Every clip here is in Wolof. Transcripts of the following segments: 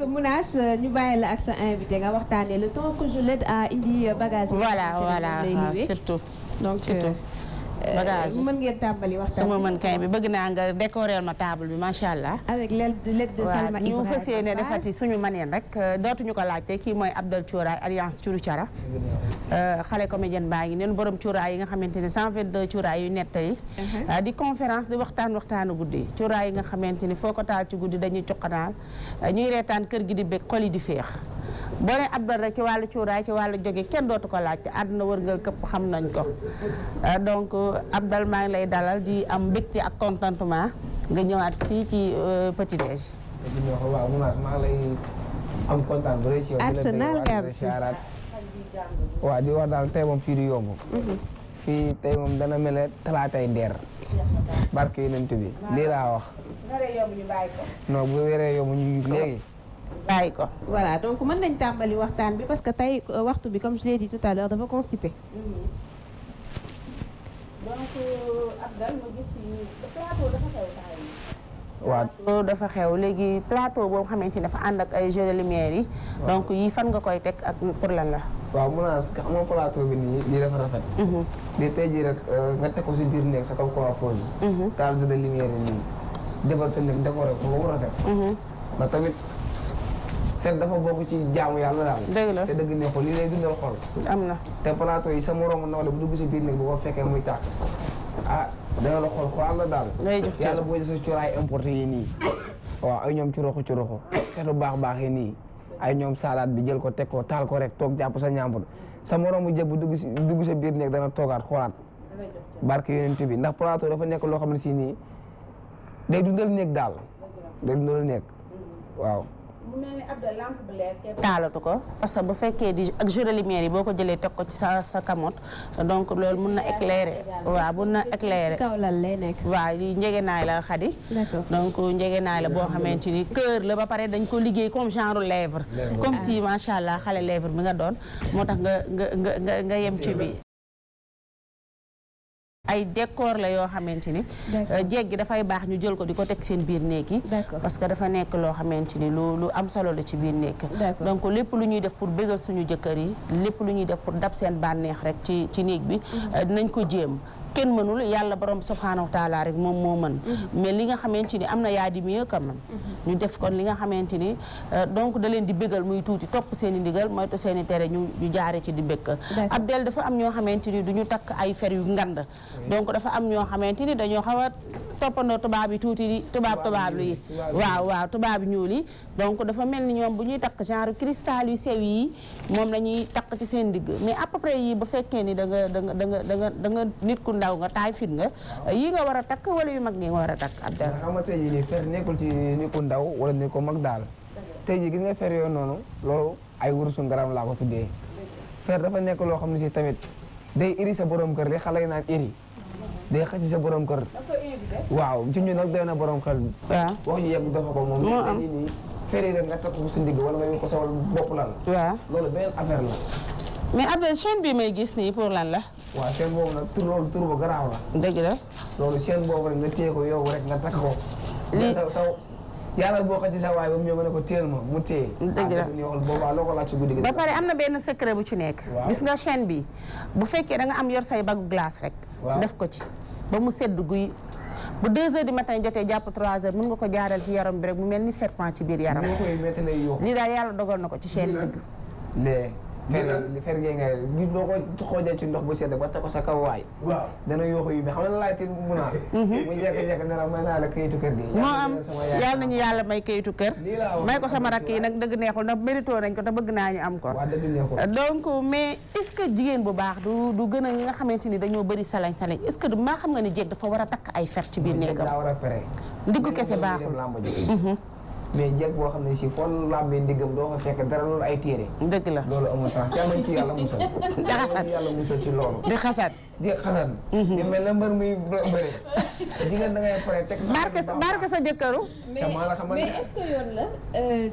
donc Mounass ñu bàyyi la ak sa invité nga waxtaanee le temps que je l'aide à indi bagage. voilà voilà surtout donc surtout. Euh, bagage mën ngeen tàmbali waxtaan sama mën kay bi bëgg naa nga décorer ma table bi macha allah. avec l'aide de Salma Ibrahima ñu suñu maneen rek euh, dootuñu ko laajte kii mooy Abdel Cuuraay alliance Curu Cara. Euh, xale comédienne baa ngi neen borom cuuraay yi nga xamante ne 122 cuuraay yu nettali. Uh-huh. Euh, di conférence di waxtaan waxtaanu guddi cuuraay yi nga xamante ni foo ko taal ci guddi dañuy cuqanaal ñuy reetaan kër gi di bég xol yi di féex. boo ne Abdel rek ci wàllu cuuraay ci wàllu joge kenn dootu ko laajte àdduna wërngal këpp xam nañ ko Abdal maa ngi lay dalal di am mbégte ak contentement nga ñëwaat fii ci euh, petit déj. waaw maa ngi lay Arsenal nga am waaw di wax daal tey moom fii du yomb. Mhm. fii tey moom dana mel ne talaatay ndeer barke yonent bi lii laa wax. non bu weeree yomb ñu léegi. bàyyi ko voilà donc mën nañ tàmbali waxtaan bi parce que tey euh, waxtu bi comme je l'ai dit dafa constipé. Mhm. donc euh, Abdal ma gis ni plateau dafa xew taay waaw dafa xew léegi plateau boo xamante ni dafa ànd ak ay jeux de lumière yi. donc yii fan nga koy teg ak pour lan la. waaw mun naa xam plateau bi nii lii dafa rafet. di mm-hmm. tey rek euh, nga teg ko si biir néeg sa kaw coiffeuse. Mm-hmm. taal jeux de lumière yi nii defal sa néeg décoré ko mm-hmm. ba seet dafa bokk ci jaamu yàlla daal. dëgg la te dëgg neexul lii lay dundal xol. am na te plateau yi sa moroomu nawle bu dugg si biir néeg bu fekkee muy tàkk ah dana la xool xool la daal. day jox yàlla boo nii. waaw ay ñoom curoxo curoxo xeetu baax baax yi nii ay ñoom salade bi jël ko teg ko taal ko rek toog jàpp sa ñaambur sa moroomu jëb bu dugg si biir néeg dana toogaat xoolaat barke yonent bi ndax plateau dafa nekk loo xam ne si nii day dundal néeg daal day dundal néeg waaw mu mel ko parce que bu fekkee di ak jeu de yi boo ko jëlee teg ko ci sa sa kamoot donc loolu mun na éclairer waa mun na éclairer kaw lal lay nekk waaw li la xadi donc njëgënaay la boo xamante ni cœur la ba pare dañ ko liggéey comme genre lèvre comme si macha allah xale lèvre bi nga doon moo tax nga nga nga nga yem ci bi ay décor la yoo xamante ni euh, jeeg gi dafay baax ñu jël ko di ko teg seen biir néeg yi parce que dafa nekk loo xamante ni lu lu am solo la ci biir néeg donc lépp lu ñuy def pour bégal suñu jëkkër yi lépp lu ñuy def pour dab seen bànneex rek ci ci néeg bi mhm. euh, nañ ko jéem kenn mënul yàlla borom subhaanahu wa taala rek moom moo mën mm-hmm. mais li nga xamante ni am na yaa di mieux mm-hmm. ñu def kon li nga xamante ni euh, donc da i ndigal moytu seen i tere ñu di békk Abdel dafa am ñoo xamante ni du ñu takk ay fer yu ngand donc dafa am ñoo xamante ni dañoo xaw a toppandoo tubaab yi tuuti di tubaab tubaab yi waaw waaw tubaab ñuul yi donc dafa mel ni ñoom bu ñuy takk genre cristal yu sew yi moom la ñuy takk ci seen digg mais à yi ba fekkee ni da nga nit ku ndaw nga taay fit nga yi nga war a takk wala yu mag yi nga war a takk Abdel xam nga tey nii fer nekkul ci ni ndaw wala ni ko mag daal tey jii gis nga fer yooyu noonu loolu ay wursu ngaram laa ko tuddee fer dafa nekk loo xam ne si tamit day iri sa borom kër li xale yi naan iri day xëcc sa borom kër waaw ci ñu nag doy na borom kër waaw wax ñu yegg dafa ko moom nii fer yi rek nga takk ko sa ndigg wala nga ñu ko sawal bopp lal waaw mais Abdel chaîne bi may gis nii pour lan la. waaw chaîne boobu nag tur loolu tur la. dëgg loolu chaîne boobu rek nga téye ko yow rek nga takk ko. lii sa sa yàlla boo ko ci sa waay ba mu ñëw nga ne ko téel ma mu dëgg la boobaa ko laaj ci guddi gi. ba pare benn secret bu ci nekk. gis nga chaîne bi bu fekkee da nga am yor say bagu glace rek. def ko ci ba mu sedd guy. bu 2 heures du matin jotee jàpp 3 heures mën nga ko jaaral ci yaram bi rek mu mel ni serpent ci biir yaram. lii daal yàlla dogal na ko ci chaîne dëgg. fer fer gee nga gis boo ko xoojee ci ndox bu sedd ba te ko sa kaw dana yooxu yu bi xam nga laajte mhm. ne la may naa la kayitu kër yàlla nañu yàlla may kayitu kër. may ko sama rakk yi nag dëgg neexul ndax mérito nañ ko bëgg naa ñu am ko. waaw dëgg neexul mais est que jigéen bu baax du gën a ñi nga xamante ni dañoo bëri salañ salañ est-ce que du maa xam nga ni jéeg dafa war a takk ay fer ci biir néegam. diggu kese baaxul mais jeg boo xam ne si foo làmbee ndiggam doo fa fekk dara loolu ay téere dëgg la loolu amul sens yàlla ci yàlla musal di xasaat yàlla musal ci loolu di xasaat di xasaat mhm. di na mbër muy bëri jigéen da ngay pare sa jëkkëru maa la xamal mais est yoon la euh,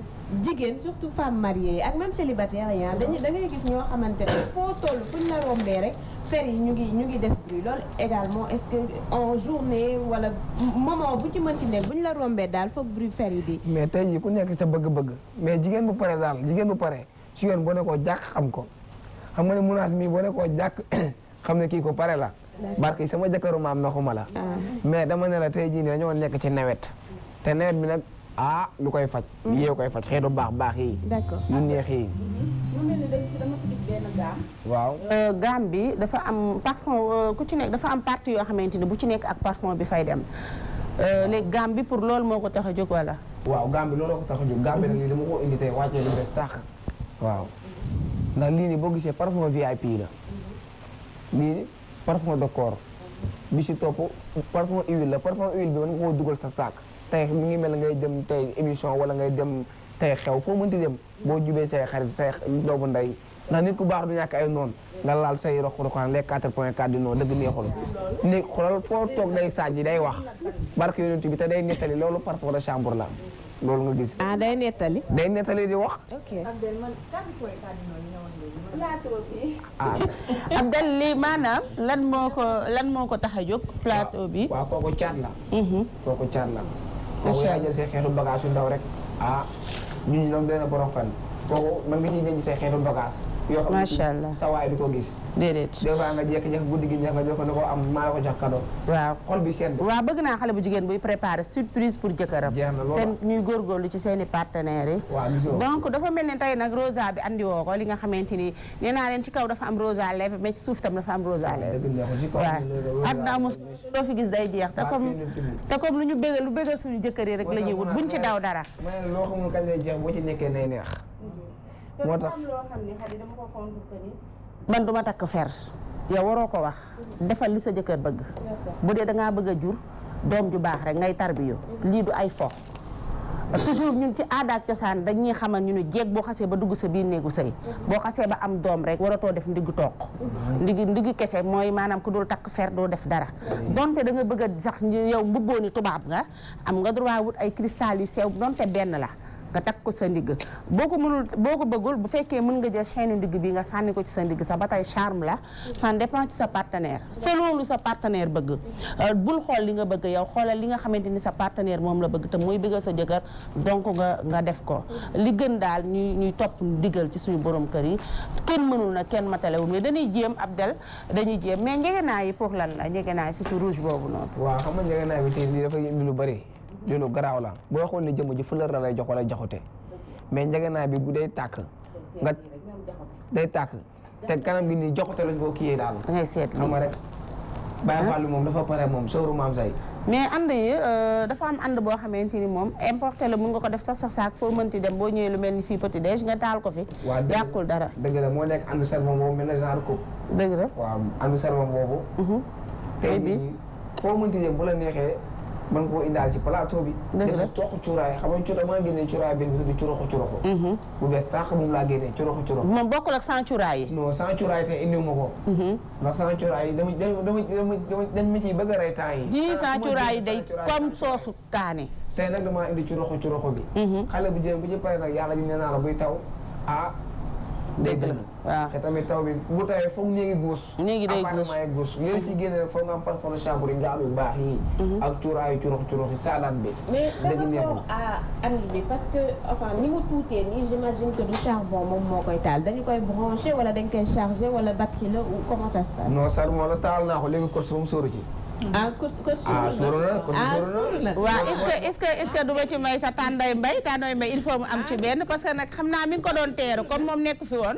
jigéen surtout femme mariée ak même célibataire ya ah, dañuy da ngay gis ñoo xamante ne foo toll fuñ la rombee rek fer ñu ngi ñu ngi def bruit loolu également est-ce que en journée wala moment bu ci mënti nekk bu ñu la rombee daal foog bruit fer di. mais tey jii ku nekk sa bëgg-bëgg mais jigéen bu pare daal jigéen bu pare si yoon boo ne koo jàkk xam ko xam nga ne menace mi boo ne koo jàkk xam ne kii ko pare la. barki sama jëkkëru maam naxuma la. Ah. mais dama ne la tey jii dañoo nekk ci nawet. te nawet bi nag ah lu koy faj. Mm. yéen koy faj xeetu baax baax yi. d'accord yu neex yi. Mm-hmm. waaw euh, gamme bi dafa am parfum euh, ku ci nekk dafa am partie yoo xamante ni bu ci nekk ak parfum bi fay dem euh, léegi gamme bi pour loolu moo ko tax a jóg wala. waaw gamme bi looloo ko tax a jóg gamme bi nag lii dama ko indi tey wàccee lu sax waaw ndax lii nii boo gisee parfum VIP la lii parfum de corps bi si topp parfum huile la parfum huile nga koo dugal sa saak tey mu ngi mel ngay dem tey émission wala ngay dem tey xew foo mënti dem boo jubee say xarit say doomu ndey ndax nit ku baax du ñàkk ay noonu nga laal say roq-roqaan les quatre point quatre di noonu dëgg neexul ne xoolal foo toog day sàjji day wax barke yonent bi day nettali loolu parfois de chambre la loolu nga gis. ah day nettali. day nettali di wax. ok ah. maanaam lan moo ko lan moo ko tax a jóg plateau bi. waaw la. Mhm. kooku caat la. macha allah kooku yaa jël rek. ah ñun kooku man nga ciy denc say xeetu bagage. yoo xam ne sa waay du ko gis. déedéet des fois ko ne ko am maa la ko jox cadeau. bëgg naa xale bu jigéen buy préparer surprise pour jëkkëram. jeex na seen ñuy góorgóorlu ci seen i partenaires yi. donc dafa mel ne tey nag rosa bi andi woo li nga xamante ni nee naa leen kaw dafa am rosa lèvre ci suuf tam dafa am rosa lèvre. waaw àdduna amul loo fi gis day jeex te comme te comme lu ñu bëggal lu bëggal suñu jëkkër yi rek la ñuy wut buñ ci daw dara. loo xamul lay jeex boo ci nekkee neex moo tax man duma takk fer yow waroo ko wax defal li sa jëkkër bëgg bu dee dangaa bëgg a jur doom ju baax rek ngay tarbiyo lii du ay fo toujours ñun ci aada ak cosaan dañuy xamal ñu ne jeeg boo xasee ba dugg sa biir néegu sëy boo xasee ba am doom rek waratoo def ndiggu toog ndiggu ndiggu kese mooy maanaam ku dul takk fer doo def dara donte da nga bëgg a sax yow mbubboo ni tubaab nga am nga droit wut ay cristal yu sew donte benn la nga takk ko sa ndigg boo ko mënul boo ko bëggul bu fekkee mën nga jël chaîne ndigg bi nga sànni ko ci sa ndigg sa ba tey charme la ça dépend ci sa partenaire selon sa partenaire bëgg euh, bul xool li nga bëgg yow xoolal li nga xamante ni sa partenaire moom la bëgg te mooy bëggal sa jëkkër donc nga nga def ko li gën daal ñuy ñuy topp ndigal ci suñu borom kër yi kenn mënul na kenn matalewul mais dañuy jéem Abdel dañuy jéem mais njëgënaay yi pour lan la njëgënaay su rouge boobu noonu waaw lu bari loolu garaaw la boo xool ne jëmm ji fële la lay jox wala jaxute mais njëgënaay bi day tàkk nga day tàkk te kanam gi nii joxute lañ koo kiyee da ngay seet xam nga rek Baye ah. moom dafa pare moom sóoru maam say. mais ànd yi euh, am ànd boo xamante ni moom importé la mun nga ko def sa sax saak foo mënti dem boo ñëwee lu mel ni fii petit déj nga daal ko fi. yàqul dara dëgg la moo nekk ànd serment boobu mel na genre coupe. dëgg la waaw ànd serment boobu. Mhm. tey bi foo mënti dem bu la neexee. mën koo indaal ci plateau bi. dëgg la def toq cuuraay xam maa génnee cuuraay bi di curoxo curoxo. bu bees sànq moom laa génnee curoxo curoxo. moom bokkul te indiw ma ko. Mhm. ndax sans cuuraay yi dama dama dama dañ ma ciy bëgg a rey temps yi. lii sans cuuraay yi day comme soosu kaane. tey nag damaa indi curoxo curoxo bi. Mhm. xale bu bu ci paree nag yàlla ñu nee buy taw ah. dégg la waaw ah. te tamit taw bi bu tawee foog néegi guus. néegi day guus appartement yi guus yooyu ci génne foog nga am parfum de chambre yi nga am yu baax yi. Mhm. ak cuuraayu curux curux yi saalaat bi. dëgg mais par rapport à ami bi parce que enfin ni mu tuutee nii j'imagine que du charbon moom moo koy taal dañu koy branché wala dañ koy chargé wala batterie la ou comment ça se passe. non charbon la taal naa ko léegi ko su ma sóoru ci. ah course course suuru ah, na ah, est-ce que est-ce que est-ce que du ma ci may sa tànday mbay tànday mbay il faut mu am ci ah. benn parce que nag xam naa mi ngi ko doon teeru comme moom nekku fi woon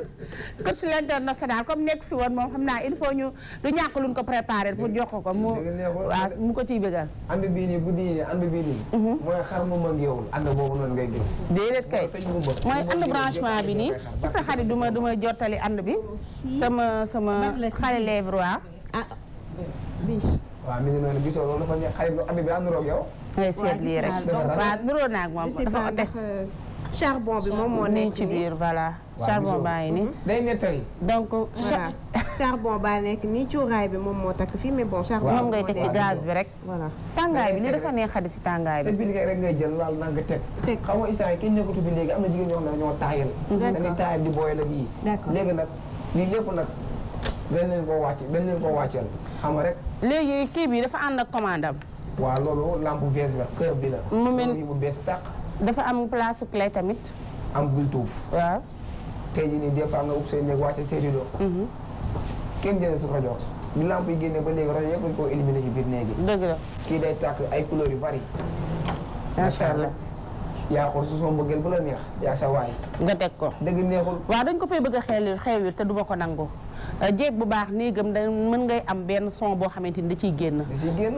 course l'international comme nekku fi woon moom xam naa il faut ñu lu ñàkk luñ ko préparer pour jox ko mu waaw mu ko ciy bëggal ànd bii nii bu dii nii ànd bii nii mooy xar mu mag yow ànd boobu noonu ngay gis déedéet kay mooy ànd branchement bi nii ci sa xarit du ma du jottali ànd bi sama sama xale lèvre waa ah waaw mi ngi noonu gisoo loolu dafa ñu xarit bu abi bi seet lii rek waaw nuroo naag moom dafa des. charbon bi moom moo nekk ci biir voilà. charbon baa ngi nii. Mm-hmm. day nettali. donc cha. charbon baa nekk nii cuuraay bi moom moo takk fii mais bon. charbon moom ngay teg ci bi rek. voilà tàngaay bi li dafa neexati si tàngaay bi. sa biir ngay jël laal naa nga teg. teg xam nga Issa kenn bi léegi am na jigéen ñoo xam ne ñoo taayal. d' accord dañuy taayal di booy la lii. d' accord léegi dañ leen koo wàcc dañ leen koo wàcceel xam nga rek. léegi kii bi dafa ànd ak commande am. waaw loolu lampe bees la kër bi la. mu mel bu bees tàq. dafa am place su tamit. am bultuuf. waaw. tey jii nii des fois nga ub seen néeg wàcce seen rido. Mhm. kenn jëlatul rajo. bi lampe yi génne ba léegi rajo yëpp dañu koo éliminer ci néegi. dëgg la kii day tàkk ay couleurs yu bari. macha allah. yaa xool su soo bëggee bu la neex yaa sa waay. nga teg ko dëgg neexul. waa dañ ko fay bëgg a xeelil xeewil te du ma ko nangoo. Euh, jéeg bu baax néegam da mën ngay am benn son boo xamante ni da ciy génn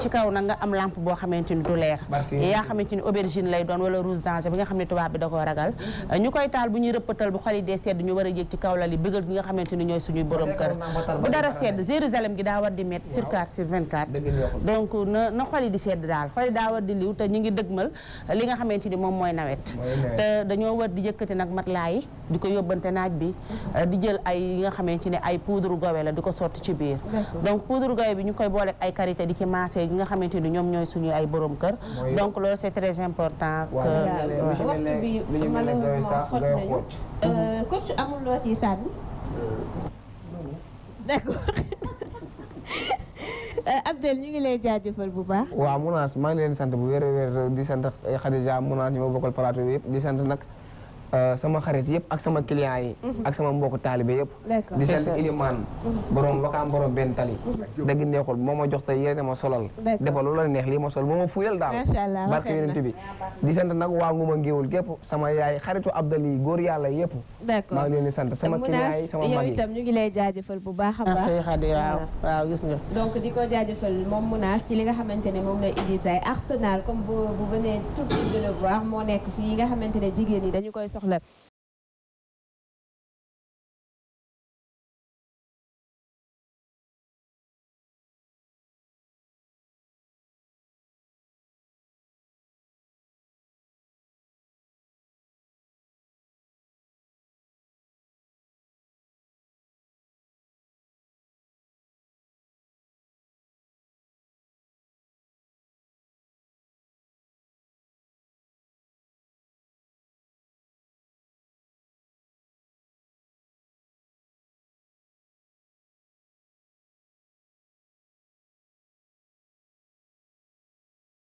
ci kaw nag nga am lampe boo xamante ni du leer yaa xamante ni aubergine lay doon wala rouge danger bi nga xam mm-hmm. euh, a ñooy suñuy borom kër bu dara sedd Jérusalem gi daa war di mettre sur 4 sur 24 donc na xoli di sedd daal xoli daa war di liw te ñu ngi dëgmal li nga xamante ni moom mooy nawet te dañoo war di yëkkati nag matelas yi di ko yóbbante naaj bi mm-hmm. euh, di jël ay yi nga xamante poudre gawe la di ko sotti ci biir donc poudre gowe bi ñu koy boole ay quarité di ci maasé yi nga xamante ni ñoom ñooy suñu ay borom kër donc loolu c'est très important que waxtu bi malheureusement xot nañu euh, coach amul loo ci sànni euh. d'accord euh, Abdel ñu ngi lay jaajëfal bu baax maa ngi leen sant bu wér di sant Khadija Mounass ñu ma bokkal yëpp di sant nag Euh, sama xarit yëpp ak sama client yi. Mhm. ak sama mbokk taalibe yëpp. di sant Ilimaan mhm. borom wakaam borom benn tali. Mhm. dëgg neexul moo ma jox te yéene ma solal. defal lu la neex lii ma sol moo ma fuyal daal. macha allah barke yonent bi di sant nag waa nguma ngiwul gépp sama yaay xaritu Abdali góor yàlla yëpp. maa ngi leen di sant sama client yi sama mag yi yow itam ñu ngi lay a baax. Ah, merci li nga xamante ne moom la indi tey Arsenal comme bu bu venez tout soxla